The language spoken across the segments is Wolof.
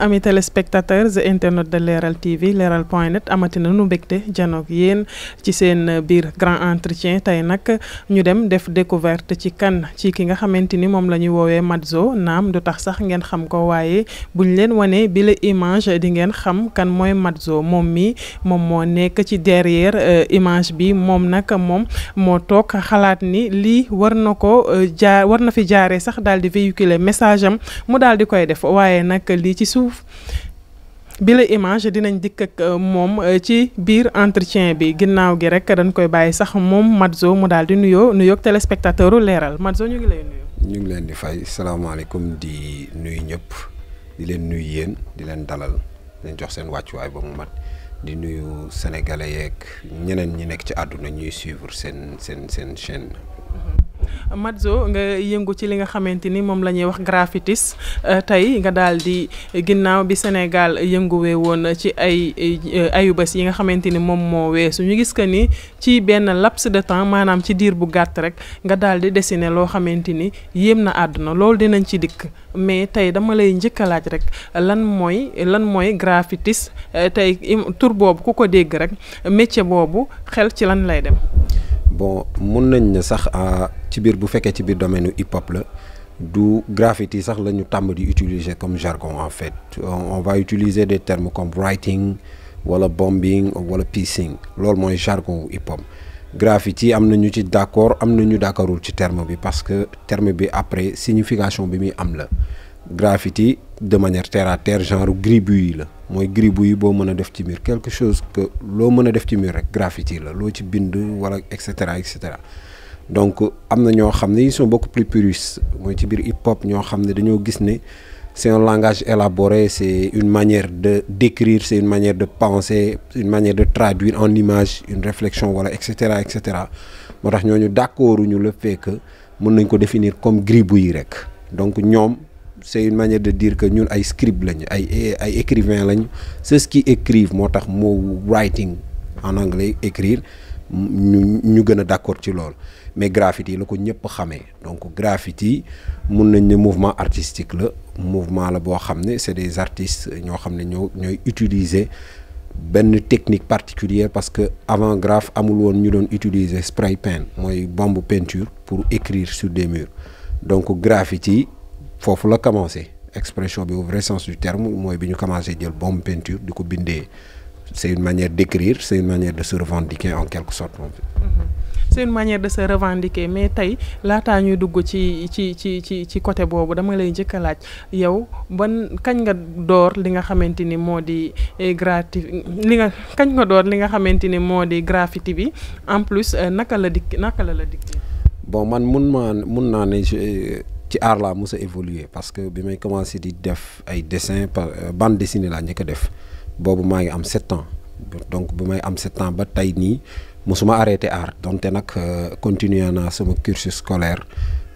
ami téléspectateurs internet de Leral TV Leral point net amati na nu mbégte janoog yéen ci seen biir grand entretien tey nag ñu dem def découverte ci kan ci ki nga xamante ni moom la ñuy woowee Madzo naam du tax sax ngeen xam ko waaye buñ leen wanee bile la image di ngeen xam kan mooy Madzo moom mi moom moo nekk ci derrière euh, image bi moom nag moom moo toog xalaat ni lii war na ko euh, jaar na fi jaaree sax daal di véhiculer message am mu daal di koy def waaye nag lii Diouf bi la image dinañ dikk ak euh, moom euh, ci biir entretien bi ginnaaw gi rek dañ koy bàyyi sax moom Madzo mu daal di nuyoo nuyoog téléspectateur leeral Madzo ñu ngi lay nuyoo ñu ngi leen di fay salaamaaleykum di nuyu ñëpp di leen nuyu yéen di leen dalal dañ jox seen wàccuwaay ba mu mat di nuyu sénégalais yeeg ñeneen ñi nekk ci àdduna ñuy suivre seen seen seen chaîne. Mm-hmm. Madzo nga yëngu ci li nga xamante ni moom la ñuy wax graffitis euh, tey nga daal di ginnaaw bi Sénégal yënguwee woon ci ay euh, ayubés yi nga xamante ni moom moo su ñu gis que ni ci benn laps de temps maanaam ci diir bu gàtt rek nga daal di dessiner loo xamante ni yéem na àdduna loolu dinañ ci dikk mais tey dama lay laaj rek lan mooy lan mooy graffitis euh, tey tur boobu ku ko dégg rek métier boobu xel ci lan lay dem. bon mun nañ ne sax ah, ci biir bu fekkee ci biir domaine hip hop la du graffiti sax la ñu tàmm di utiliser comme jargon en fait on va utiliser des terme comme writing wala bombing wala piecing loolu mooy jargon wu hip hop graffiti am na ñu ci d' accord am na ñu d' accordul ci terme bi parce que terme bi après signification bi muy am la graffiti de manière terre à terre genre gribouille yi la mooy gribouille yi boo mën a def ci miir quelque chose que loo mën a def ci miir rek graffiti la loo ci bind wala et cetera et cetera donc am na ñoo xam ne ils sont beaucoup plus puristes mooy ci biir hip hop ñoo xam ne dañoo gis ne c'est un langage élaboré c'est une manière de d'écrire c'est une manière de penser une manière de traduire en image une réflexion wala et cetera et cetera moo tax ñooñu d'accorduñu le fait que mën nañ ko definir comme gribouille yi rek donc ñoom. c' est une manière de dire que ñun ay scribe lañu ay ay écrivain lañ c'est ce qui écrivent moo tax moo writing en anglais écrire ñu ñu gën a d' accord ci loolu mais graffiti la ko ñëpp xamee donc graffiti mun nañ ne mouvement artistique la mouvement la boo xam ne c' est des artistes ñoo xam ne ñoo ñooy utiliser benn technique particulière parce que avant graphe amul woon ñu doon utiliser spray paint mooy bombe peinture pour écrire sur des murs donc graffiti foofu la commencé expression bi au vrai sens du mooy bi ñu commencé jël bombe peinture di ko bindee c'est une manière d'écrire c'est une manière de se revendiquer en quelque sorte moom. c'est une manière de se revendiquer mais tey laataa ñuy dugg ci ci ci ci ci côté boobu dama lay njëkk a laaj yow ban kañ nga door li nga xamante ni moo di eh, grati li kañ nga door li nga xamante ni moo di graffiti bi en plus euh, naka la dikk naka la la dikk. bon man mun naa ne ci aar laa mos a évoluer parce que bi may commencé di def ay dessin par euh, bande dessinée laa njëkk a def boobu maa ngi am sept ans donc bu may am sept ans ba tey nii mosuma arrêté art donte nag euh, continuer naa sama cursus scolaire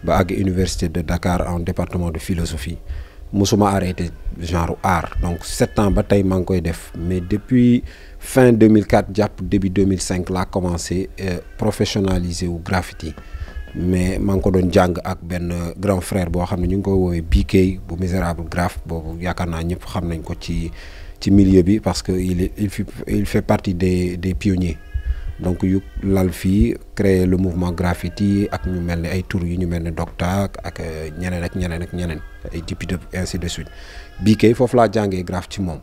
ba àgg université de Dakar en département de philosophie mosuma arrêté genre art donc sept ans ba tey maa ngi koy def mais depuis fin 2004 jàpp début 2005 laa commencé euh, professionnaliser wu graffiti mais maa ngi ko doon jàng ak benn grand frère boo xam ne ñu ngi ko woowee BK bu Misérable Graphe boobu yaakaar naa ñëpp xam nañ ko ci ci milieu bi parce que il il fait il fait partie des des pionniers donc yu lal fii créer le mouvement graffiti ak ñu mel ni ay tour yu ñu mel ni docta ak ñeneen ak ñeneen ak ñeneen ay député ainsi de suite BK foofu laa jàngee graphe ci moom.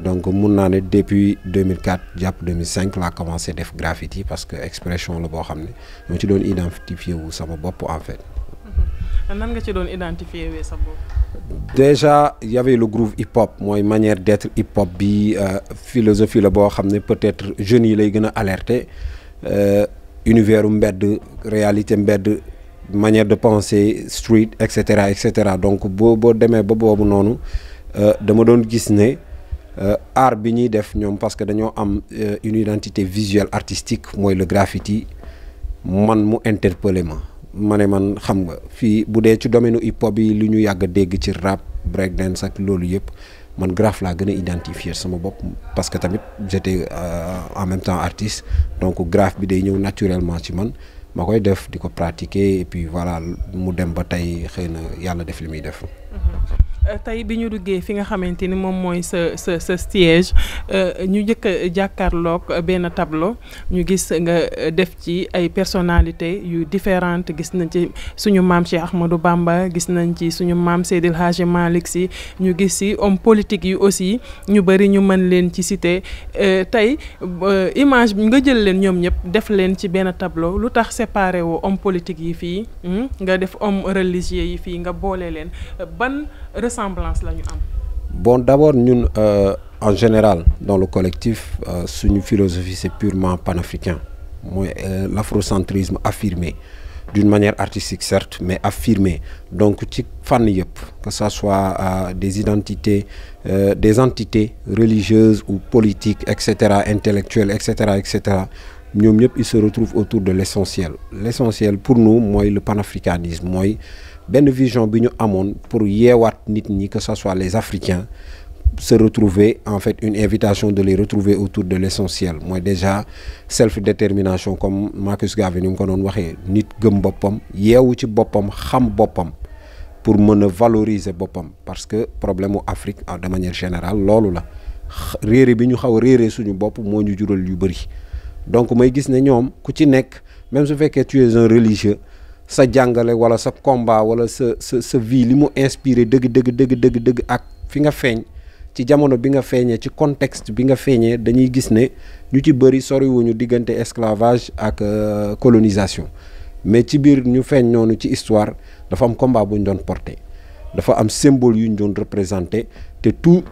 donc mun naa ne depuis 2004 jàpp 2005 laa commencé def graffiti parce que expression la boo xam ne moo ci doon identifié wu sama bopp en mm-hmm. nan nga ci doon identifié wee sa bopp. déjà y avait le groove hip hop mooy manière d'être hip hop bi euh, philosophie la boo xam ne peut-être jeunes yi lay gën a alerter euh, univers mbedd réalité mbedd manière de penser street et cetera et cetera donc boo boo demee ba boobu noonu euh, dama doon gis ne. Euh, art bi ñuy def ñoom parce que dañoo am euh, unidentité identité visuelle artistique mooy le graffiti man mu interpellé ma ma ne man xam nga fii bu dee ci domaine hip hop yi lu ñu yàgg dégg ci rab break dance ak loolu yëpp man graff laa gën a identifier sama bopp parce que tamit j'étais euh, en même temps artiste donc graff bi day ñëw naturellement ci man ma koy def di ko pratiquer et puis voilà mu dem ba tey xëy na yàlla def li muy def. Mhm. tey bi ñu duggee fi nga xamante ni moom mooy sa sa sa euh, ñu njëkk a benn tableau ñu gis nga def ci ay personnalité yu différentes gis nañ ci suñu maam Cheikh Ahmadou Bamba gis nañ ci suñu maam Seydil Hadji Malick Sy ñu gis si homme politique yu aussi ñu bëri ñu mën leen ci cité euh, tey euh, image bi nga jël leen ñoom ñëpp def leen ci benn tablo lu tax séparé woo homme politique yi fii hmm, nga def homme religieux yi fii nga boole leen ban ressemblance la ñu am. bon d' abord ñun euh, en général dans le collectif euh, suñu philosophie c' est purement panafricain mooy euh, l' afrocentrisme affirmé d'une manière artistique certes mais affirmé donc ci fànn yëpp que ça soit euh, des identités euh, des entités religieuses ou politiques et cetera intellectuelles et cetera et cetera ñoom ñëpp ils se retrouvent autour de l' essentiel l' essentiel pour nous mooy le panafricanisme mooy. benn vision bi ñu amoon pour yeewaat nit ñi que ce soit les africains se retrouver en fait une invitation de les retrouver autour de l'essentiel mooy déjà self détermination comme Marcus Garvey ni mu ko doon waxee nit gëm boppam yeewu ci boppam xam boppam pour mën a valoriser boppam parce que problème mu Afrique ah, de manière générale loolu la réere bi ñu xaw a réere suñu bopp moo ñu jural yu bëri donc may gis ne ñoom ku ci nekk même su fekkee tu es sa jàngale wala sa combat wala sa sa sa vie li mu inspiré dëgg dëgg dëgg dëgg ak fi nga feeñ ci jamono bi nga feeñee ci contexte bi nga feeñee dañuy gis ne ñu ci bëri soriwuñu diggante esclavage ak euh, colonisation mais ci biir ñu feeñ noonu ci histoire dafa am combat bu ñu doon porté dafa am symbole yu ñu doon représenté te tout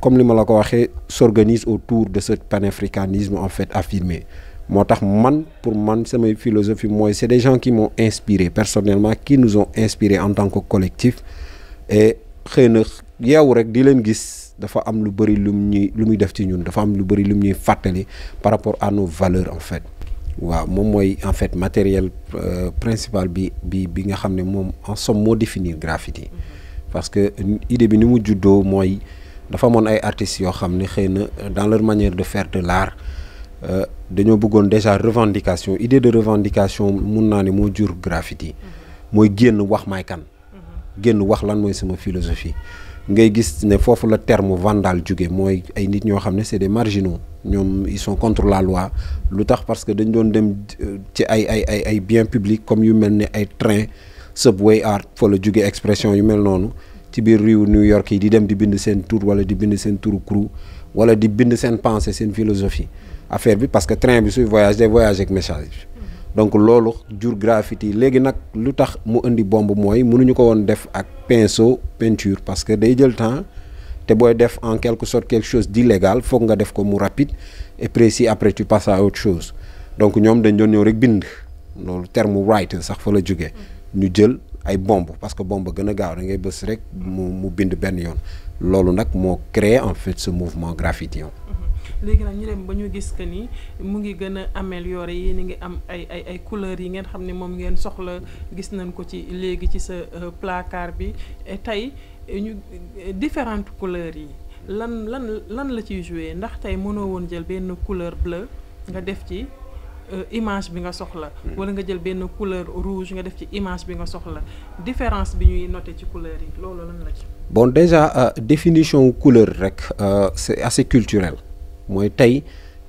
comme li ma la ko waxee s'organise autour de ce panafricanisme en fait affirmé moo tax man pour man samay philosophie mooy c'est des gens qui moo inspiré personnellement qui nous ont en tant que collectif et xëy na yeewu rek di leen gis dafa am lu bëri lu ñuy lu muy def ci ñun dafa am lu bëri lu ñuy fàttali par rapport à nos valeur en fait waaw moom mooy en fait matériel euh, principal bi bi bi nga xam ne moom en somme moo définir graffiti parce que idée bi ni mu juddoo mooy dafa mën ay artistes yoo xam ne xëy na dans leur manière de faire de Euh, dañoo bëggoon déjà revendication idée de revendication mun naa ne moo jur graffiti mooy génn wax may kan génn wax lan mooy sama philosophie ngay gis ne foofu la terme vandale jóge mooy ay nit ñoo xam ne c'est des marginaux ñoom ils contre la loi lu tax parce que dañ doon dem euh, ci ay ay ay ay biens publics comme yu mel ni ay train subway art fa la jóge expression yu mel noonu ci biir réew New York yi di dem di bind seen tour wala di bind seen tour crew wala di bind seen pensée seen philosophie affaire bi parce que train bi suy voyage day voyage ak message bi donc loolu jur graffiti léegi nag lu tax mu indi bomb mooy mënuñu ko woon def ak pinceau peinture parce que day jël temps te booy def en quelque sorte quelque chose d'illégal foog nga def ko mu rapide et précis après tu passes à autre chose donc ñoom dañ doon ñëw rek bind loolu terme writer sax fa la jógee ñu jël ay bomb parce que bomb gën a gaaw da ngay bës rek mu mu bind benn yoon loolu nag moo créer en fait ce mouvement graffiti léegi nag ñu dem ba ñu gis que ni mu ngi gën a yi yéen a ngi am ay ay ay couleurs yi ngeen xam ni moom ngeen soxla gis nañ ko ci léegi ci sa euh, placard bi tey ñu différentes couleurs yi lan lan lan la ciy joué ndax tey mënoo woon jël benn couleur bleu nga def ci euh, image bi nga soxla. Hmm. wala nga jël benn couleur rouge nga def ci image bi nga soxla différence bi ñuy noté ci couleur yi loolu lan la ci. bon déjà euh, définition couleur rek c'est assez culturel. mooy tey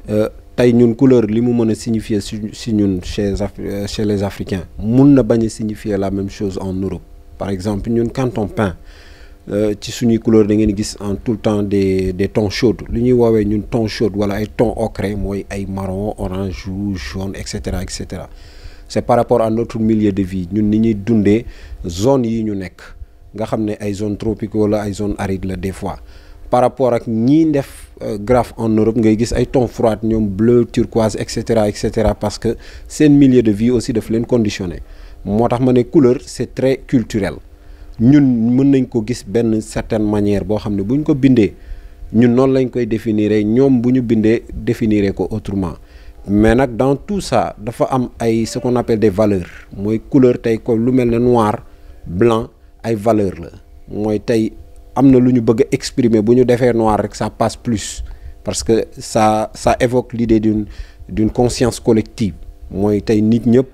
euh, tey ñun couleur li mu mën a signifier si ñun chez euh, chez les africains mun na bañ a signifier la même chose en Europe par exemple ñun quand on peint euh, ci suñuy couleur da ngeen gis en tout le temps des des tons li ñuy woowee ñun tons chauds wala ay ton ocre mooy ay marron orange rouge jaune et cetera et cetera c'est par rapport à notre milieu de vie ñun ni ñuy dundee zone yi ñu nekk nga xam ne ay zone tropicaux la ay zone aride la des fois par rapport ak ñiy def euh, graphe en Europe ngay gis ay ton froids ñoom bleu turquoise et cetera et cetera parce que seen milieu de vie aussi daf leen conditionné moo tax ma ne couleur c'est très culturel ñun mën nañ ko gis benn certaine manière boo xam ne bu ñu ko bindee ñun noonu lañ koy définir ñoom bu ñu bindee définir ko autrement mais nag dans tout ça dafa am ay ce qu'on des valeurs mooy couleur tey ko lu mel ne noir blanc ay valeur la mooy tey am na lu ñu bëgg a exprimer bu ñu defee noir rek sa passe plus parce que ça ça évoque l'idée d'une d'une conscience collective mooy tey nit ñëpp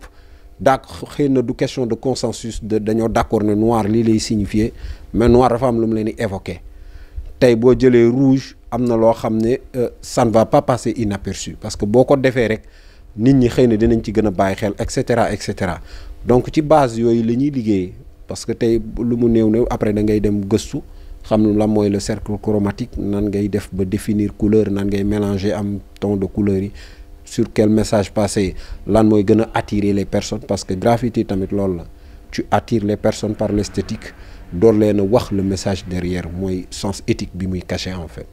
daak xëy na du question de consensus de dañoo d'accord ne noir lii lay signifier mais noir dafa am lu mu leen di tey boo jëlee rouge am na loo xam ne euh, ça ne va pas passer inaperçu parce que boo ko defee rek nit ñi xëy na dinañ ci gën a bàyyi xel et cetera et cetera donc ci base yooyu la ñuy liggéey parce que tey lu mu néew néew après da ngay dem gëstu xam lan mooy le cercle chromatique nan ngay def ba définir couleur nan ngay mélanger am ton de couleur yi sur quel message passé lan mooy gën a attirer les personnes parce que graffiti tamit loolu la tu attires les personnes par l'esthétique door leen wax la message derrière mooy sens éthique bi muy caché en fait.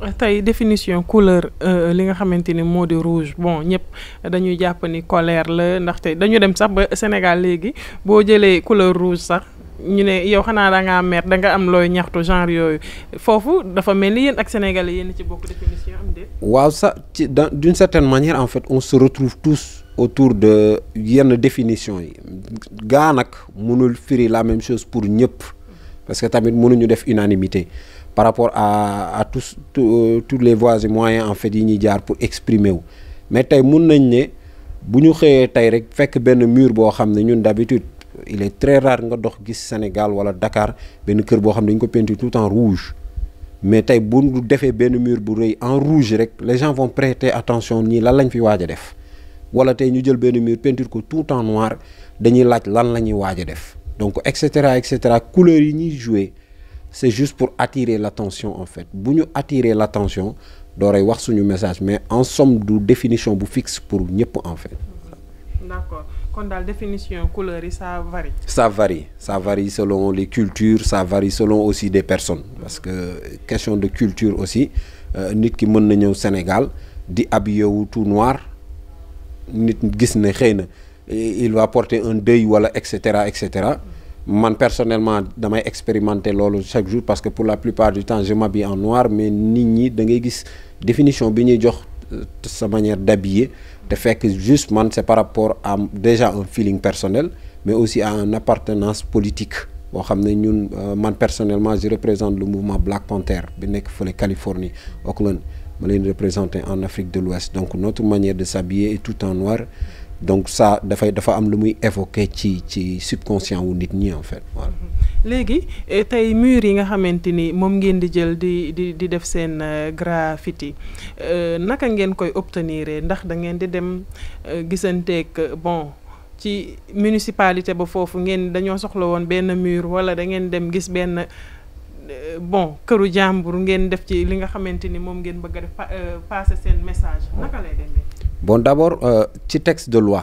Mm-hmm. tey définition couleur euh, li nga xamante ni moo di rouge bon ñëpp dañuy jàpp ni colère la ndaxte dañu dem sax ba Sénégal léegi boo jëlee couleur rouge sax. ñu ne yow xanaa da ngaa mer da nga am looy ñaxtu genre yooyu foofu dafa mel ni yéen ak sénégalais yéen ci bokk définition waaw sa ci dans d'une certaine manière en fait on se retrouve tous autour de yenn définition yi gaa nag mënul firi la même chose pour ñëpp parce que tamit mënuñu def unanimité par rapport à à tous tous euh, tous les voies et moyens en fait yi ñuy jaar pour exprimer wu mais tey mun nañ ne bu ñu xëyee tey rek fekk benn mur boo xam ne ñun d'habitude il est très rare nga dox gis Sénégal wala Dakar benn kër boo xam ne dañ ko peintir tout en rouge mais tey bu du defee benn mur bu rëy en rouge rek les gens vont prêter attention nii lan lañ fi waaja def wala tey ñu jël benn mur peinture ko tout en noir dañuy laaj lan la ñuy waaj a def donc et cetera et cetera couleurs yi ñuy jouer c'est juste pour attirer l'attention en fait bu ñu attirer l'attention dooray wax suñu message mais en somme du définition bu fixe pour ñëpp en fait. kon daal définition couleur yi ça varie. ça varie ça varie selon les cultures ça varie selon aussi des personnes parce que question de culture aussi euh, nit ki mën na ñëw Sénégal di habillé wu tout noir nit gis ne xëy na eh, il va porter un deuil wala et cetera et cetera man personnellement damay expérimenter loolu chaque jour parce que pour la plupart du temps je m'habille en noir mais nit ñi da ngay gis définition bi ñuy jox euh, sa manière d'habiller te fekk juste man c'est par rapport à déjà un feeling personnel mais aussi à une appartenance politique boo xam ne ñun euh, man personnellement je représente le mouvement Black Panther bi nekk fële Californie Oakland ma leen représenter en Afrique de l'Ouest donc notre manière de s'habiller est tout en noir donc ça dafay dafa am lu muy évoquer ci ci subconscient wu nit ñi en fait voilà. Mm-hmm. léegi eh, tey mur yi nga xamante ni moom ngeen di jël di di di def seen euh, graffiti euh, naka ngeen koy obtenir ndax da ngeen di dem euh, gisanteeg bon ci municipalité ba foofu ngeen dañoo soxla woon benn mur wala da ngeen dem gis benn bon këru jàmbur ngeen def ci li nga xamante ni moom ngeen bëgg a def passer seen message naka lay demee. bon d' abord euh, ci texte de loi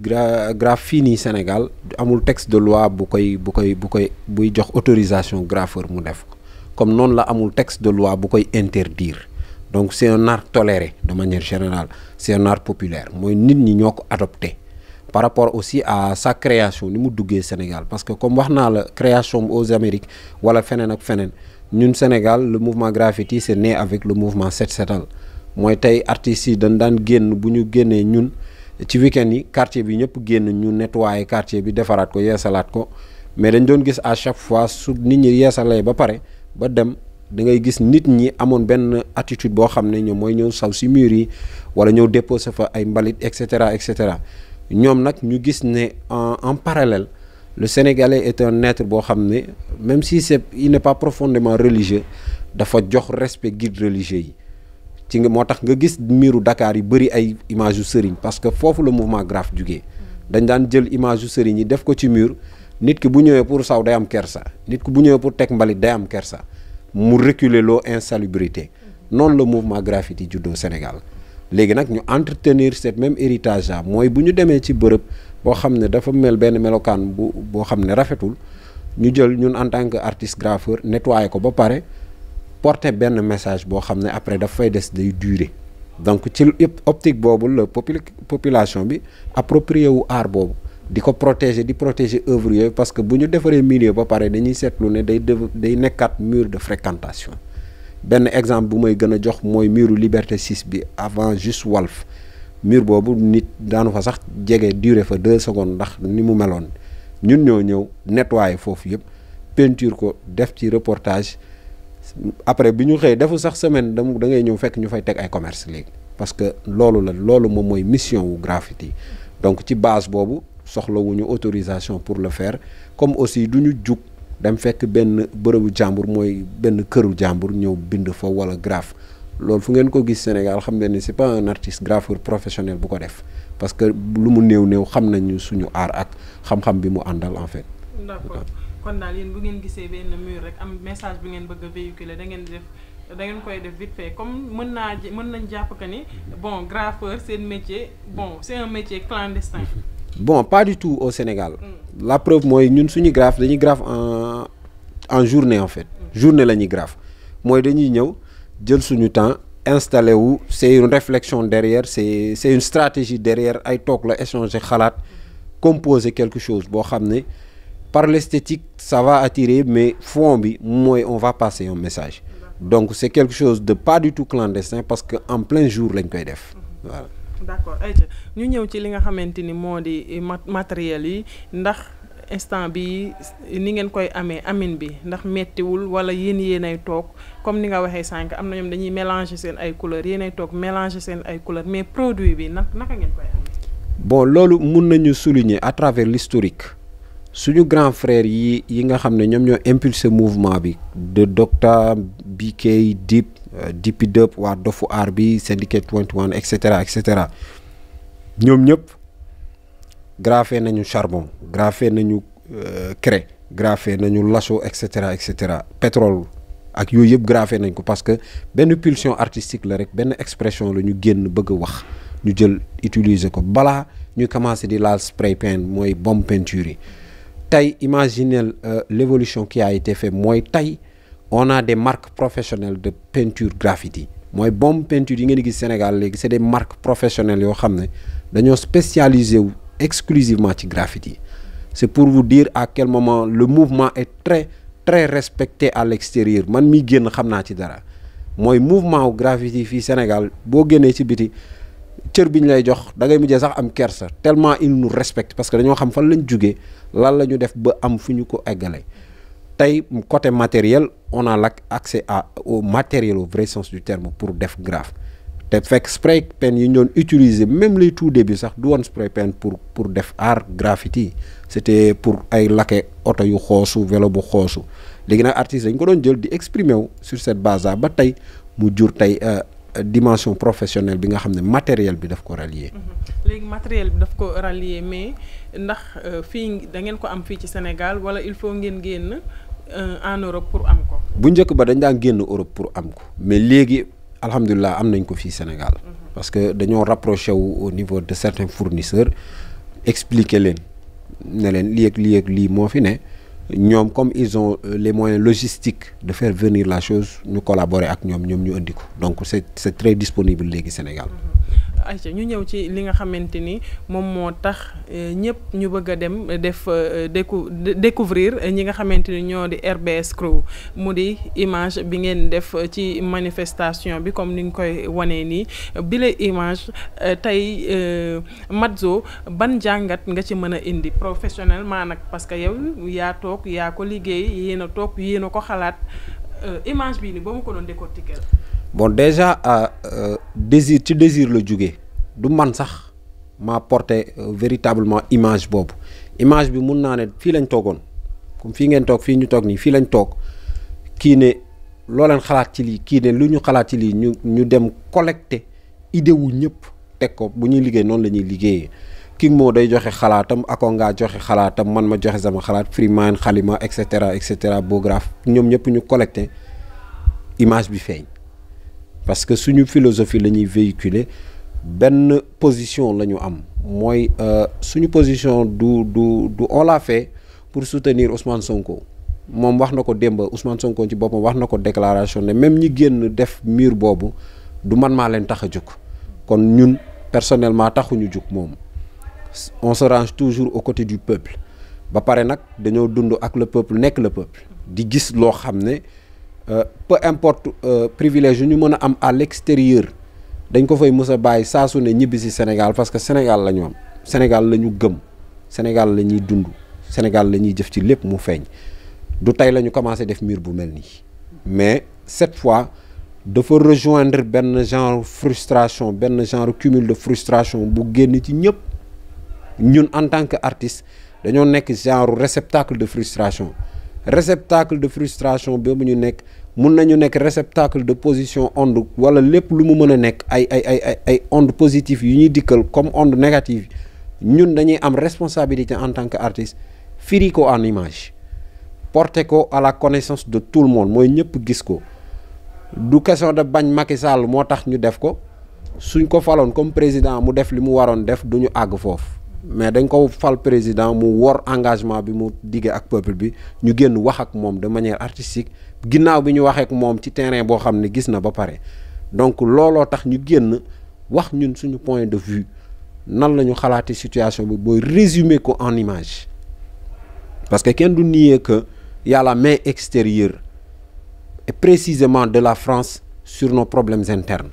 gra graaf fii nii Sénégal amul texte de loi bu koy bu koy bu koy buy jox autorisation graffeur mu def ko comme noonu la amul texte de loi bu koy interdire donc c' est un art toléré de manière générale c' un art populaire mooy nit ñi ñoo ko adopté par rapport aussi à sa création ni mu duggee Sénégal parce que comme wax naa la création aux amérique wala feneen ak feneen ñun Sénégal le mouvement graffiti c' est né avec le mouvement Set Setal mooy tey artistes yi dañ daan génn bu ñu génnee ñun ci week yi quartier bi ñëpp génn ñu nettoyé quartier bi defaraat ko yeesalaat ko mais dañ doon gis à chaque fois su nit ñi yeesalee ba pare ba dem da ngay gis nit ñi amoon benn attitude boo xam ne ñoom mooy ñëw saw si mur yi wala ñëw déposé fa ay mbalit et cetera et cetera ñoom nag ñu gis ne en en parallèle le sénégalais est un être boo xam ne même si c'est il n'est pas profondément religieux dafa jox respect guide religieux yi. ci nga moo tax nga gis miiru Dakar yi bëri ay image yu sëriñ parce que foofu la mouvement graphe jugee dañ daan jël image yu sëriñ yi def ko ci mur nit ki bu ñëwee pour saw day am kersa nit ki bu ñëwee pour teg mbalit day am kersa mu reculer loo insalubrité noonu la mouvement graffiti juddoo Sénégal léegi nag ñu entretenir cette même héritage mooy bu ñu demee ci bërëb boo xam ne dafa mel benn melokaan bu boo xam ne rafetul ñu jël ñun en tant que artiste graffeur ko ba pare porter benn message boo xam ne après daf fay des day durer donc ci yëpp optique boobu la population bi approprié wu art boobu di ko protéger di protéger œuvre yooyu parce que bu ñu defaree milieu ba pare dañuy seetlu ne day day nekkaat mur de fréquentation benn exemple bu may gën a jox mooy muru Liberté 6 bi avant juste Walf mur boobu nit daanu fa sax jege duré fa deux secondes ndax ni mu meloon ñun ñoo ñëw nettoyer foofu yëpp peinture ko def ci reportage après bi ñu xëyee defu sax semaine da ngay ñëw fekk ñu fay teg ay commerce léegi parce que loolu la loolu moom mooy mission wu graffiti donc ci base boobu soxlawuñu autorisation pour le fair comme aussi du ñu jug dem fekk benn bërëbu jàmbur mooy benn këru jàmbur ñëw bind fa wala graphe loolu fu ngeen ko gis Sénégal xam ngeen ni c'est pas un artiste graffeur professionnel bu ko def parce que lu mu néew néew xam nañu suñu aar ak xam-xam bi mu àndal en fait. kon daal yéen bu ngeen gisee benn mur rek am message bu ngeen bëgg a véhiculer da ngeen def da ngeen koy def vite fait comme mën naa mën nañ jàpp que ni bon graffeur seen métier bon c'est un métier clandestin. bon pas du tout au Sénégal. Mm. la preuve mooy ñun suñu graffe dañuy graffe en en journée en fait. Mm. journée la ñuy graffe mooy dañuy ñëw jël suñu temps. installé wu c'est une réflexion derrière c'est c'est une stratégie derrière ay toog la échanger xalaat mm. composer quelque chose boo xam ne par l'esthétique ça va attirer mais fond bi mooy on va passer un message donc c'est quelque chose de pas du tout clandestin parce que en plein jour lañ koy def voilà. d'accord ñu ñëw ci li nga xamante ni moo di matériel yi ndax instant bi ni ngeen koy amee amine bi ndax mettiwul wala yéen yéenay toog comme ni nga waxee sànq am na ñoom dañuy mélanger seen ay couleurs yéenay toog mélanger seen ay couleurs mais produit bi nag naka ngeen koy amee. bon loolu mun nañu souligner à travers l'historique suñu grand frère yi yi nga xam ne ñoom ñoo impulsé mouvement bi de Docta BK Dip euh, DP-Dope waa Dofu Aar bi Syndicate 21 et cetera et cetera ñoom ñëpp graffé nañu charbon graffé nañu euh, craie graffé nañu lasso et cetera et cetera pétrole ak yooyu yëpp graffé nañ ko parce que benn pulsion artistique la rek benn expression la ñu génn bëgg a wax ñu jël utiliser ko balaa ñu commencé di laal spray paint mooy bombe peinture yi. tey imaginez euh, l'évolution qui a été faite mooy tey on a des marques professionnel de peinture graffiti mooy bomb peinture yi ngeen di gis Sénégal léegi c'est des marques professionnelles yoo xam ne dañoo spécialisé wu exclusivement ci graffiti c'est pour vous dire à quel moment le mouvement est très très respecté à l'extérieur man mi génn xam naa ci dara mooy mouvement wu graffiti fii Sénégal boo génnee ci biti cër bi ñu lay jox dangay ngay mujjee sax am kersa tellement il nous respecte parce que dañoo xam fan lañ jugee lan la ñu def ba am fu ñu ko eggalee tey côté matériel on a l'accès a au matériel au vrai sens du terme pour def graphe te fekk spray pen yi ñu doon utiliser même les tout début sax du woon spray pen pour pour def art graffiti c'était pour ay lakke oto yu xoosu vélo bu xoosu léegi nag artiste dañ ko doon jël di exprimer wu sur cette basa ba tey mu jur tey euh, dimension professionnelle bi nga xam ne matériel bi daf ko rallier. Mhm. léegi matériel bi daf ko rallier mais ndax euh, fii da ngeen ko am fii ci Sénégal wala il faut ngeen génn euh, en Europe pour am ko. bu njëkk ba dañ daan génn Europe pour am ko mais léegi alhamdulilah am nañ ko fii Sénégal. Mhm. parce que dañoo rapproché wu au niveau de certains fournisseurs expliquer leen ne leen lii ak lii ak lii moo fi ne. ñoom comme ils ont euh, les moyens logistiques de faire venir la chose ñu collaborer ak ñoom ñoom ñu indi ko donc c'est c'est très disponible léegi Sénégal ayca ñu ñëw ci li nga xamante ni moom moo tax euh, ñëpp ñu bëgg a dem def euh, décou découvrir ñi nga xamante ni ñoo di RBS Crew mu di image bi ngeen def euh, ci manifestation bi comme ni nga koy wanee nii bile image tey Madzo ban jàngat nga ci mën a indi professionnellement nag parce que yow yaa toog yaa ko liggéey yéen a toog yéen ko xalaat image bii ni ba mu ko doon décortiquer bon déjà euh, euh, désir ci désir la jóge du man sax maa porté euh, véritablement image boobu image bi mun naa ne fii lañ toogoon comme fii ngeen toog fii ñu toog nii fii lañ toog kii ne loo xalaat ci lii kii ne lu ñu xalaat ci lii ñu ñu dem collecté idée wu ñëpp teg ko bu ñuy liggéey noonu la ñuy liggéeyee kii moo day joxe xalaatam akongaa joxe xalaatam man ma joxe sama xalaat Freeman Xalima et cetera et cetera Bograph ñoom ñëpp ñu collecté image bi feeñ. parce que suñu philosophie la ñuy véhiculer benn position la ñu am mooy euh, suñu position du du du on fait pour soutenir Ousmane Sonko moom wax na ko démb Ousmane Sonko ci boppam wax na ko déclaration ne même ñi génn def mur boobu du man maa leen tax a jóg kon ñun personnellement taxuñu jóg moom on se range toujours au côté du peuple ba pare nag dañoo dund ak le peuple nekk le peuple di gis loo xam ne Euh, peu importe euh, privilège yu ñu mën a am à l'extérieur dañ ko fay mës a bàyyi saa ne ñibbi si Sénégal parce que Sénégal la ñu am Sénégal la ñu gëm Sénégal lañuy ñuy dund Sénégal la ñuy jëf ci lépp mu feeñ du tey la ñu commencé def mur bu mel nii mais cette fois dafa rejoindre benn genre frustration benn genre cumul de frustration bu génn ci ñëpp ñun en tant que artiste dañoo nekk genre réceptacle de frustration réceptacle de frustration boobu ñu nekk mun nañu nekk réceptacle de position onde wala lépp lu mu mën a nekk ay ay ay ay ay onde positive yu ñuy dikkal comme onde négative ñun dañuy am responsabilité en tant que artiste firi ko en image porter ko à la connaissance de tout le monde mooy ñëpp gis ko du question de bañ Macky Sall moo tax ñu def ko suñ ko faloon comme président mu def li mu waroon def du ñu àgg foofu mais dañ ko fal président mu wor engagement bi mu diggee ak peuple bi ñu génn wax ak moom de manière artistique ginnaaw bi ñu waxee ak moom ci terrain boo xam ne gis na ba pare donc looloo tax ñu génn wax ñun suñu point de vue nan la ñu xalaati situation bi booy résumer ko en image parce que kenn du nier que y a la main extérieure et précisément de la France sur nos problèmes internes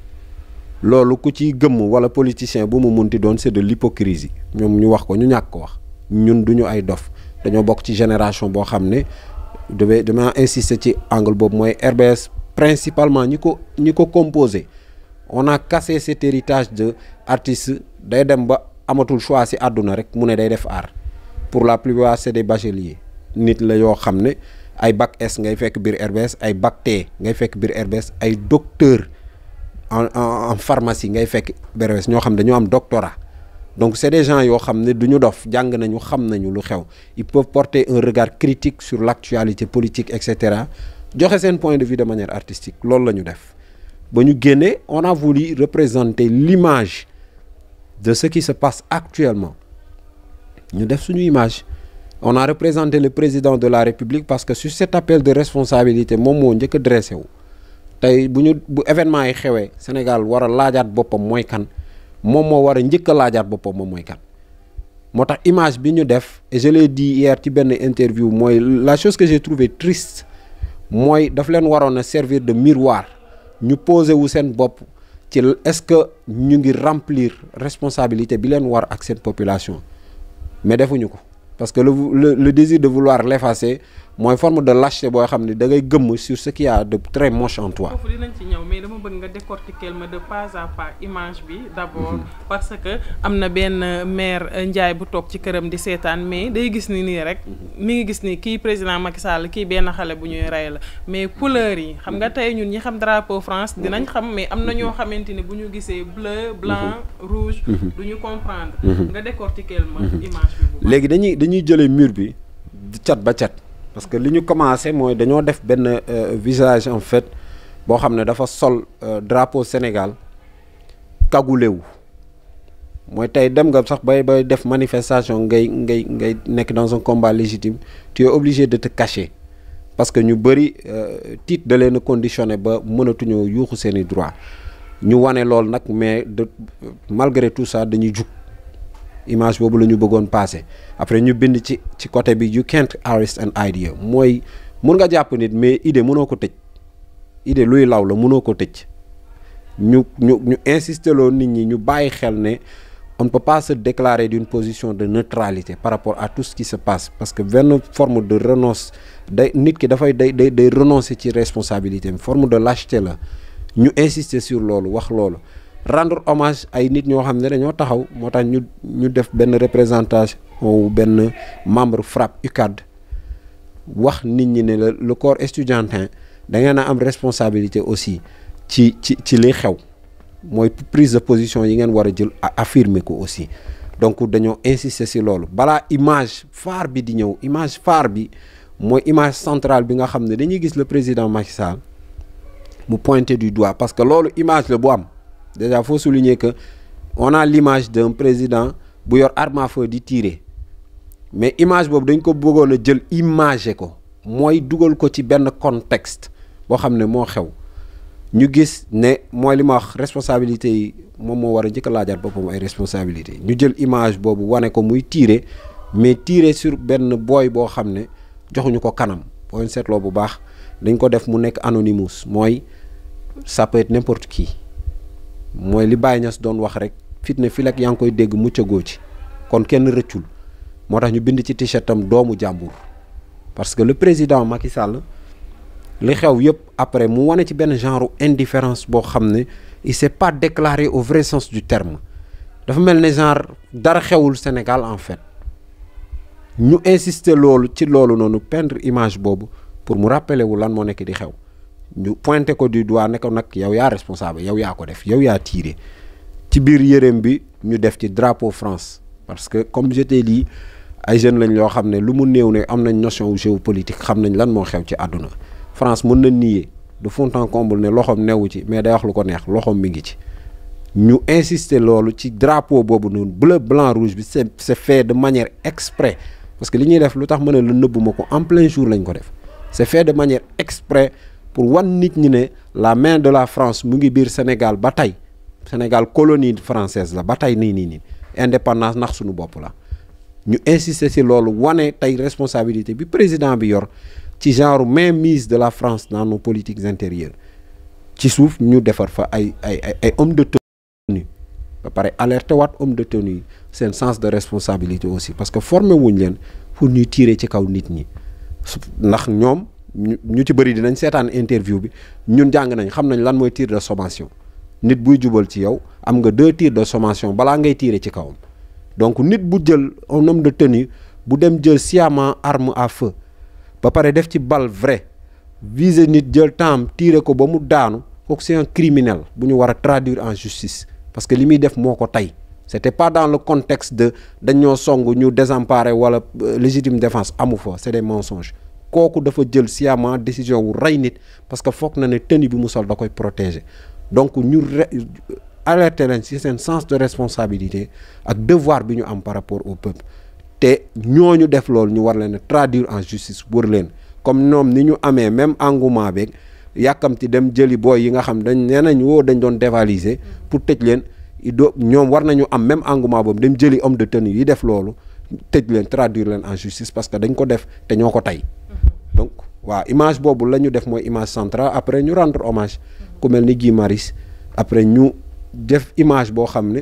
loolu ku ci gëmm wala politicien bu mu munti doon c'est de l'hypocrisie ñoom ñu wax ko ñu ñàkk ko wax ñun du duñu ay dof dañoo bokk ci génération boo xam ne damay dama insister ci angle boobu mooy RBS principalement ñi ko ñi ko composé on a cassé cet héritage de artiste day dem ba amatul choix ci àdduna rek mu ne day def art pour la plupart c'est des bacheliers nit la yoo xam ne ay bac S ngay fekk biir RBS ay bac T ngay fekk biir RBS ay docteur en en pharmacie ngay fekk berees ñoo xam dañoo am doctorat donc c'est des gens yoo xam ne duñu ñu dof jàng nañu xam nañu lu xew il peuvent porter un regard critique sur l'actualité politique et cetera joxe seen point de vue de manière artistique loolu lañu def ba ñu génnee on a voulu représenter l'image de ce qui se passe actuellement ñu def suñu image on a représenté le président de la République parce que sur cet appel de responsabilité moom moo njëkk a dressé wu tey bu ñu bu événement yi xewee Sénégal war laajaat boppam mooy kan moom moo war a njëkk a laajaat boppam moom mooy kan moo tax image bi ñu def et je l'ai dit hier ci benn interview mooy la chose que j'ai trouvé triste mooy daf leen waroon a servir de miroir ñu posé wu seen bopp ci est-ce que ñu ngir remplir responsabilité bi leen war ak seen population mais defuñu ko parce que le, désir de vouloir l'effacer mooy forme de lâcheté boo xam ne da ngay gëmm sur ce qu'il y a de très moche en ñëw mais dama bëgg nga décortiquer ma de pas à pas image bi d'abord. Mhm. parce que am na benn maire euh, Ndiaye bu toog ci këram di seetaan mais day gis ni nii rek. Mhm. mi ngi gis ni kii président Macky Sall kii benn xale bu ñuy rey la mais couleur yi xam nga mhm. tey ñun ñi xam drapeau France dinañ xam mais am na ñoo xamante ni bu ñu gisee bleu blanc rouge. du ñu comprendre. nga décortiquer ma image bi. léegi dañuy dañuy jëlee mur bi cat ba parce que li ñu commencé mooy dañoo def benn euh, visage en fait boo xam ne dafa sol euh, drapeau Sénégal kagulewu mooy tey dem nga sax bay bay def manifestation ngay ngay ngay nekk dans un combat légitime tu es obligé de te cacher parce que ñu bëri euh, tiit da leen conditionné ba mënatuñoo yuuxu seen i droit ñu wane loolu nag mais de malgré tout ça dañuy jug image boobu la ñu bëggoon passé après ñu bind ci ci côté bi you can't arrest an idea mooy mun nga jàpp nit mais idée mënoo ko tëj idée luy law la mënoo ko tëj ñu ñu ñu insister loo nit ñi ñu bàyyi xel ne on ne peut pas se déclarer d'une position de neutralité par rapport à tout ce qui se passe parce que venn forme de renonce day nit ki dafay day day day renoncer ci responsabilité forme de lâcheté la ñu insister sur loolu wax loolu rendre hommage ay nit ñoo xam ne dañoo taxaw moo tax ñu ñu def benn représentation benn membre FRAPP UCAD wax nit ñi ne la le corps estudiantin da ngeen a am responsabilité aussi ci ci ci li xew mooy prise de position yi ngeen war a jël affirmer ko aussi donc dañoo insister si loolu balaa image phare bi di ñëw image phare bi mooy image centrale bi nga xam ne dañuy gis le président Macky mu pointé du doigt parce que loolu image la bu am. déjà faut souligner que on l'image de président bu yor arme à di tiire mais image boobu dañ ko bëggoon a jël imagé ko mooy dugal ko ci benn contexte boo xam ne moo xew ñu gis ne mooy li ma wax responsabilité yi moom moo war a njëkk a laajaat boppam ay responsabilité ñu jël image boobu wane ko muy tirer mais tirer sur benn booy boo xam ne joxuñu ko kanam boo seetloo bu baax dañ ko def mu nekk anonymous mooy ça peut être n'importe qui mooy li Baye Niass doon wax rek fitna fii rek yaa koy dégg muccagoo ci kon kenn rëccul moo tax ñu bind ci t-shirtam doomu jàmbur. parce que le président Macky Sall li xew yëpp après mu wane ci benn genre indifférence boo xam ne il s'est pas déclaré au vrai sens du terme dafa mel ne genre dara xewul Sénégal en fait ñu insister loolu ci loolu noonu pendre image boobu pour mu rappeler wu lan moo nekk di xew. ñu pointe ko du doigt ne ko nag yow yaa responsable yow yaa ko def yow yaa tiré ci biir yëreem bi ñu def ci drapeau France parce que comme je lii ay jeunes lañ loo xam ne lu mu néew ne am nañ notion géopolitique xam nañ lan moo xew ci àdduna France mën na nier de fond en ne loxoom newu ci mais day wax lu ko neex loxoom mi ngi ci ñu insister loolu ci drapeau boobu noonu bleu blanc rouge bi c'est c'est fait de manière exprès parce que li ñuy def lu tax ma ne la nëbbuma ko en plein lañ ko def de manière exprès pour wan nit ñi ne la main de la France mu ngi biir Sénégal ba tey Sénégal colonie française la ba tey nii nii nii indépendance ndax suñu bopp la ñu insister si loolu wane tey responsabilité bi président bi yor ci genre mise de la France dans nos politique intérieures ci suuf ñu defar fa ay ay ay ay homme de tenue ba pare alerte waat homme de tenue seen sens de responsabilité aussi parce que formé wuñ leen pour ñuy tirer ci kaw nit ñi ndax ñoom. ñu ci bëri dinañ seetaan interview bi ñun jàng nañ xam nañ lan mooy tir de sommation nit buy jubal ci yow am nga deux tirs de sommation balaa ngay tiire ci kawam donc nit bu jël un homme de tenue bu dem jël sciemment arme à feu ba pare def ci balle vrai viser nit jël temps tiire ko ba mu daanu kooku c'est criminel bu ñu war a traduire en justice parce que li muy def moo ko tey c'était pas dans le contexte de dañoo song ñu désemparé wala euh, légitime défense amu fa c'est des mensonges kooku dafa jël sciemment décision bu rey nit parce que foog na ne tenni bi mu sol da koy protéger donc ñu alerter leen ci seen sens de responsabilité ak devoir bi ñu am par rapport au peuple te ñoo ñu def loolu ñu war leen a traduire en justice wër leen comme ñoom ni ñu amee même engouement beeg yàkkamti dem jëli booy yi nga xam dañ nee nañ woo dañ doon dévaliser pour tëj leen do ñoom war nañu am même engouement boobu dem jëli homme de tenue yi def loolu tëj leen traduire leen en parce que dañ ko def te ñoo ko tey donc waaw image boobu la ñu def mooy image centrale après ñu rendre hommage ku mel ni Guy Marius après ñu def image boo xam ne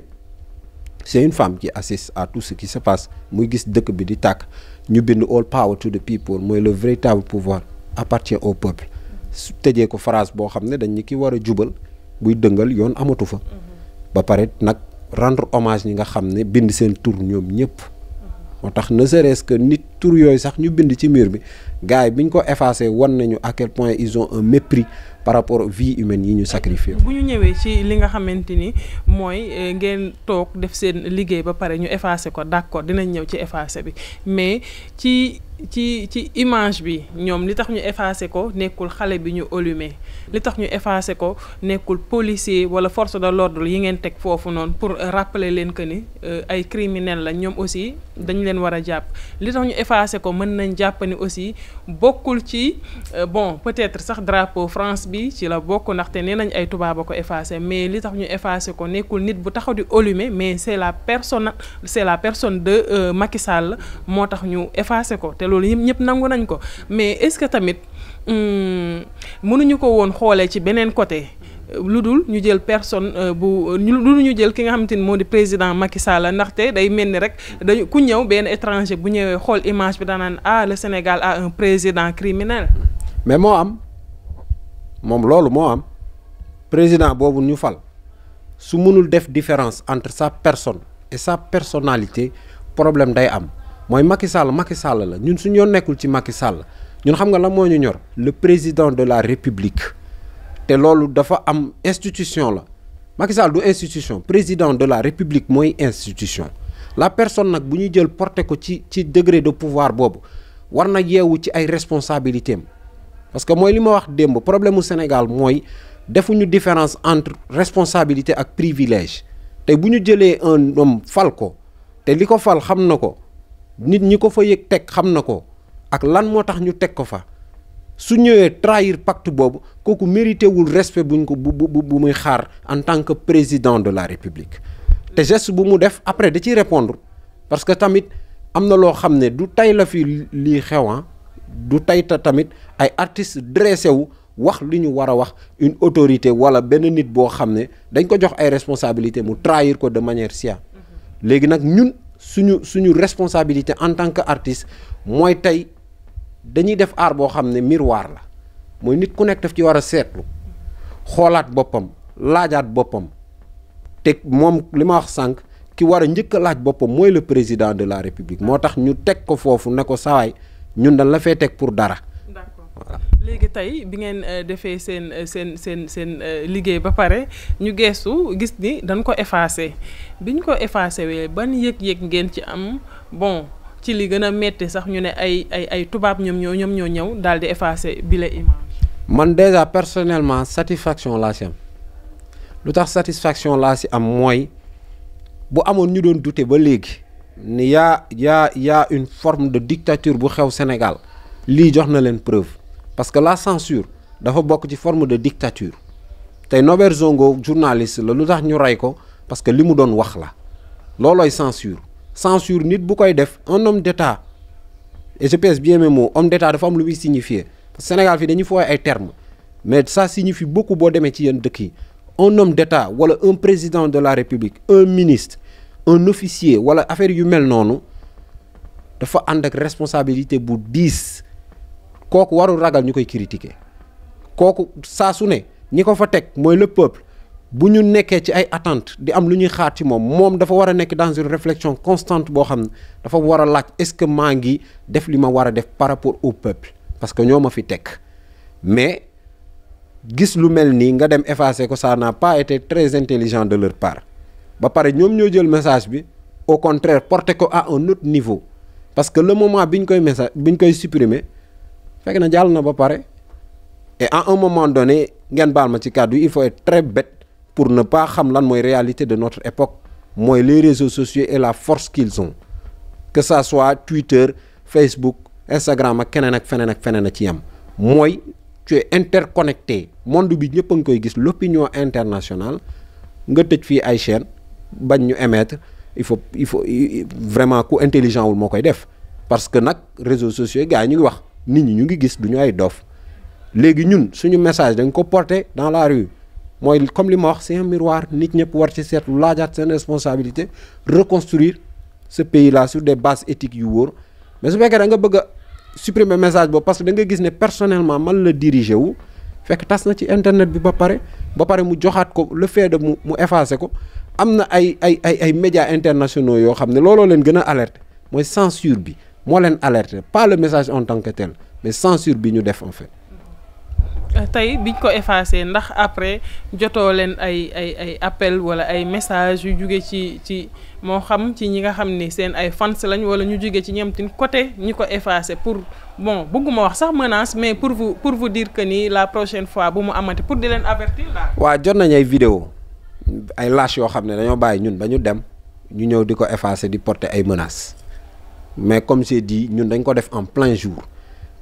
c'est une femme qui assiste à tout ce qui se passe muy gis dëkk bi di tàkk ñu bind all power to the people mooy le véritable pouvoir appartient au peuple su tëjee ko phrase boo xam ne dañu ki war a jubal buy dëngal yoon amatu fa mm-hmm. ba pare nag rendre hommage ñi nga xam ne bind seen tour ñoom ñëpp moo tax ne serait que nit tur yooyu sax ñu bind ci mur bi gars yi bi ñu ko effacé wan nañu à quel point ils ont un mépris par rapport vie humaine yi ñu sacrifié. bu ñu ñëwee ci li nga xamante ni mooy eh, ngeen toog def seen liggéey ba pare ñu effacé ko d'accord dinañ ñëw ci effacé bi mais ci. ci ci image bi ñoom li tax ñu effacé ko nekkul xale bi ñu allumé li tax ñu effacé ko nekkul policier wala force de l'ordre yi ngeen teg foofu noonu pour rappeler leen que ni euh, ay criminel la ñoom aussi dañ leen war a jàpp li tax ñu effacé ko mën nañ jàpp ni aussi bokkul ci euh, bon peut-être sax drapeau France bi ci la bokk ndaxte nee nañ ay tubaab ko effacé mais li tax ñu effacé ko nekkul nit bu taxaw di allumé mais c'est la personne c'est la personne de euh, Macky Sall moo tax ñu effacé ko loolu yëpp ñëpp nangu nañ ko mais est-ce que tamit hmm, mënuñu ko woon xoolee ci beneen côté lu dul ñu jël personne euh, bu lu dul ñu jël ki nga xamante ni moo di président Macky Sall ndaxte day mel ni rek dañu ku ñëw benn étranger bu ñëwee xool image bi daanaan ah le Sénégal a un président criminel mais moo am moom loolu moo am président boobu ñu fal su mënul def différence entre sa personne et sa personnalité problème day am mooy Macky Sall Sall la ñun suñu yoon nekkul ci Macky Sall ñun xam nga la moo ñu ñor le président de la république te loolu dafa am institution la Macky Sall du institution président de la république mooy institution la personne nag bu ñuy jël porté ko ci ci degré de pouvoir boobu war na yeewu ci ay responsabilités am parce que mooy li ma wax démb problème mu Sénégal mooy defuñu différence entre responsabilité ak privilège te bu ñu jëlee un fal ko te li ko fal xam na ko nit ñi ko fa yëg teg xam na ko ak lan moo tax ñu teg ko fa su ñëwee trahir pacte boobu kooku mérité wul respect buñ ko bu bu bu muy xaar en tant que président de la république te geste bu mu def après da ciy répondre parce que tamit am na loo xam ne du tey la fi lii xewan ah, du tey ta tamit ay artistes dressé wu wax li ñu war a wax une autorité wala benn nit boo xam ne dañ ko jox ay responsabilité mu trahir ko de manière sia mm-hmm. léegi nag ñun suñu suñu responsabilité en tant que artiste mooy tey dañuy def art boo xam ne miroir la mooy nit ku nekk daf ci war a seetlu xoolaat boppam laajaat boppam teg moom li ma wax sànq ki war a njëkk laaj boppam mooy la président de la république moo tax ñu teg ko foofu ne ko sawaay ñun dañ la fee teg pour dara voilà. léegi tey bi ngeen euh, defee euh, seen seen seen seen euh, liggéey ba pare ñu geesu gis ni dañ ko effacé bi ñu ko effacé wee ban yëg-yëg ngeen ci am bon ci li gën a metti sax ñu ne ay ay ay tubaab ñoom ñoo ñoom ñoo ñëw daal di effacé bile image. man déjà personnellement satisfaction laa si am lu tax satisfaction laa si am mooy bu amoon ñu doon douter ba léegi ni yaa yaa yaa une forme de dictature bu xew Sénégal lii jox na leen preuve. parce que la censure dafa bokk ci forme de dictature tey Norbert Zongo journaliste la lu tax ñu rey ko parce que li mu doon wax la loolooy censure censure nit bu koy def un homme d'état et je pèse bien mes mots homme d'état dafa am lu muy signifier parce ay termes mais ça signifie beaucoup boo demee ci yenn dëkk yi un homme d'état wala un président de la république un ministre un officier wala affaire yu mel noonu dafa ànd ak responsabilité bu diis kooku warul ragal ñu koy critiquer kooku saa su ne ñi ko fa teg mooy le peuple bu ñu nekkee ci ay attentes di am lu ñuy xaar ci moom moom dafa war a nekk dans une réflexion constante boo xam ne dafa war a laaj est-ce que maa ngi def li ma war a def par rapport au peuple parce que ñoo ma fi teg mais gis lu mel nii nga dem effacer ko saa naa pas été très intelligent de leur par ba pare ñoom ñoo jël message bi au contraire porte ko à un autre niveau parce que le moment bi koy message bi ñu koy supprimer fekk na jàll na ba pare et à un moment donné ngeen baal ma ci kàddu il faut être très bête pour ne pas xam lan mooy réalité de notre époque mooy les réseau sociaux et la force qu'ils ont que ça soit Twitter Facebook Instagram ak keneen ak feneen ak feneen a ci yam mooy tu es interconnecté monde bi ñëpp a ngi koy gis l'opinion internationale nga tëj fii ay chaîne bañ ñu émettre il faut il faut vraiment ku intelligent wul moo koy def parce que nag réseaux sociaux gars ñu ngi wax nit ñi ñu ngi gis du ñu ay dof léegi ñun suñu message dañ ko porter dans la rue mooy comme li ma wax c'est un miroir nit ñëpp war ci seetlu laajaat seen responsabilité reconstruire ce pays là sur des bases éthiques yu wóor mais su fekkee da nga bëgg a message boobu parce que da nga gis ne personnellement man la diriger wu fekk tas na ci internet bi ba pare ba pare mu joxaat ko le fait de mu mu effacer ko am na ay ay ay ay médias internationaux yoo xam ne looloo leen gën a alerter mooy censure bi moo leen alerté pas le message en tant que tel mais censure bi ñu def en fait. Euh, tey biñ ko effacé ndax après jotoo leen ay ay ay appel wala ay message yu jóge ci ci moo xam ci ñi nga xam ni seen ay fans lañ wala ñu jóge ci ñoom tin côté ñi ko effacé pour bon bëgguma wax sax menace mais pour vous pour vous dire que nii la prochaine fois bu mu amati pour di leen avertir la waaw jot nañ ay vidéo ay lâche yoo xam ne dañoo bàyyi ñun ba ñu dem ñu ñëw di ko effacé di porter ay menaces. mais comme c'est dit ñun dañ ko def en plein jour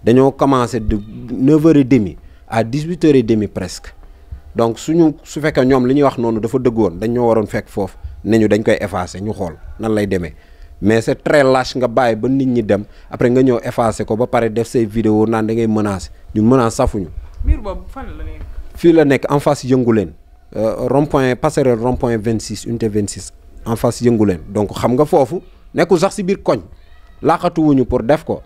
dañoo commencé de 9h30 à 18h30 presque donc suñu su fekkee ñoom li ñuy wax noonu dafa dëggoon dañ ñoo waroon fekk foofu ne ñu dañ koy effacer ñu xool nan lay demee mais c'est très lâche nga bàyyi ba nit ñi dem après nga ñëw effacer ko ba pare def say vidéo naan da ngay menacer ñun menace safuñu. miir boobu fan la fii la nekk en face yëngu leen euh, rond point passerelle rond point 26 unité 26 en face yëngu leen donc xam nga foofu nekkul sax si biir koñ. laqatuwuñu pour def ko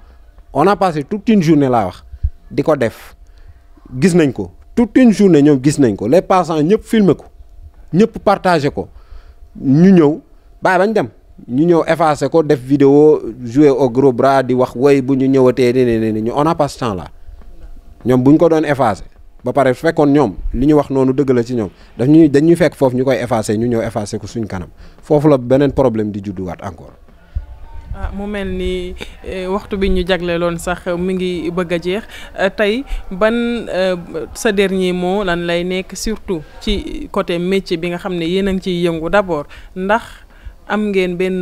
on a passé tout une journée laa wax di ko def gis nañ ko toute une journée ñoom gis nañ ko les passants ñëpp filmer ko ñëpp partagé ko ñu ñëw bàyyi bañ dem ñu ñëw effacé ko def vidéo jouer au gros di wax woy bu ñu ñëwatee ne ne ne ñu on a pas ce temps là ñoom bu ñu ko doon effacé ba pare fekkoon ñoom li ñu wax noonu dëgg la ci ñoom dañuy dañuy fekk foofu ñu koy effacé ñu ñëw effacé ko suñ kanam foofu la beneen problème di judduwaat encore ah mu mel ni eh, waxtu bi ñu jagleeloon sax mi ngi bëgg a jeex eh, tey ban eh, sa der dernier moo lan lay nekk surtout ci côté métier bi nga xam ne yéen a ngi ciy yëngu d'abord ndax am ngeen benn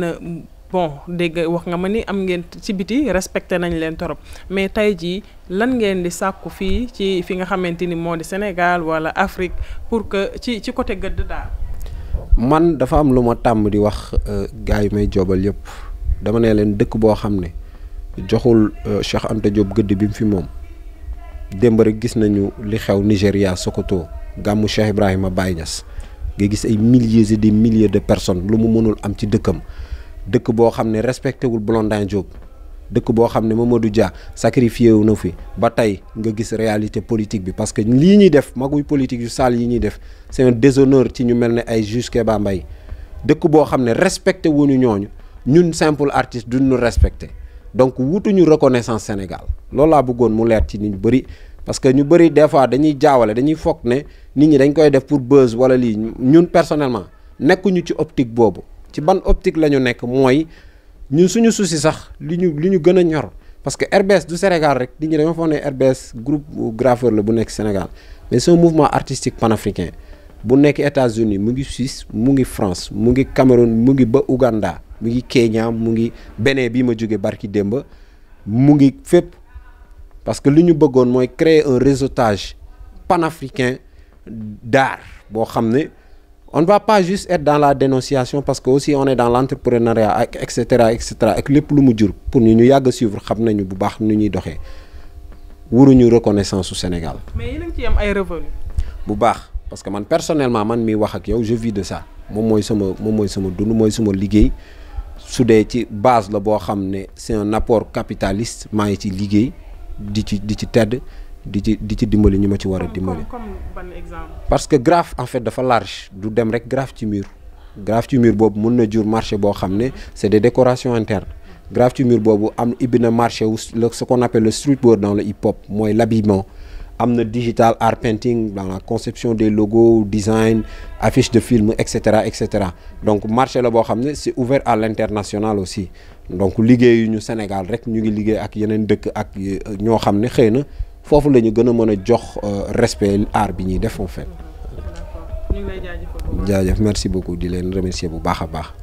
bon dégg wax nga ma ni am ngeen ci biti respecté nañ leen torop mais tey jii lan ngeen di sàkku fii ci fi nga xamante ni moo di Sénégal wala Afrique pour que ci ci côté gëdd daal. man dafa am lu ma tàmm di wax gars yi may jobal yëpp. dama ne leen dëkk boo xam ne joxul euh, Cheikh Anta Diop gëdd bi mu fi moom démb rek gis nañu li xew Nigéria Sokoto gàmmu Cheikh Ibrahima Baye Niass nga gis ay milliers et des milliers de personnes lu mu mënul am ci dëkkam dëkk boo xam ne respecté wul Blondin Diop dëkk boo xam ne Mamadou Dia sacrifié wu na fi ba tey nga gis réalité politique bi parce que lii ñuy def maguy politique yu sale yi ñuy def c'est un ci ñu mel ne ay juge baa mbay dëkk boo xam ne respecté wuñu ñooñu ñun simple artiste du nu respecté donc wutuñu reconnaissance Sénégal loolu laa bëggoon mu leer ci nit ñu bëri parce que ñu bëri des fois dañuy jaawale dañuy foog ne nit ñi dañ koy def pour buzz wala lii ñun personnellement nekkuñu ci optique boobu ci ban optique la ñu nekk mooy ñun suñu souci sax li ñu li ñu gën a ñor parce que RBS du Sénégal rek nit ñi dañoo foog ne RBS groupe graffeur la bu nekk Sénégal mais c'est un mouvement artistique panafricain bu nekk États-Unis mu ngi Suisse mu ngi France mu ngi Cameroun mu ngi ba Ouganda mu ngi Kenya mu ngi Bénin bi ma jógee barki démb mu ngi fépp parce que li ñu bëggoon mooy créer un réseautage panafricain d'art boo xam ne on ne va pas juste être dans la dénonciation parce que aussi on est dans l'entrepreneuriat ak et cetera et ak lépp lu mu jur pour ñu ñu yàgg a suivre xam nañu bu baax nu ñuy doxee wuruñu reconnaissance su Sénégal. a bu baax parce que man personnellement man mi wax ak yow je vis de ça moom mooy sama moom mooy sama dund mooy sama liggéey. su dee ci base la boo xam ne c'est un apport capitaliste maa ngi ci liggéey di ci di ci tedd di ci di ci dimbali ñu ma ci war a dimbali. parce que graphe en fait dafa large du dem rek graphe ci mur. graphe ci mur boobu mun na jur marché boo xam ne c'est de décorations internes graphe ci mur boobu am ibbi na marché wu ce qu'on appelle le street work dans hip hop mooy l'habillement am na digital art painting dans la conception des logos design affiche de film et cetera et cetera donc marché la boo xam ne c'est ouvert à l'international aussi donc ñu Sénégal rek ñu ngi liggéey ak yeneen dëkk ak euh, ñoo xam ne xëy na foofu la ñu gën a mën a jox euh, respect art bi ñuy def en fait. ñu beaucoup di leen remercier bu baax a baax.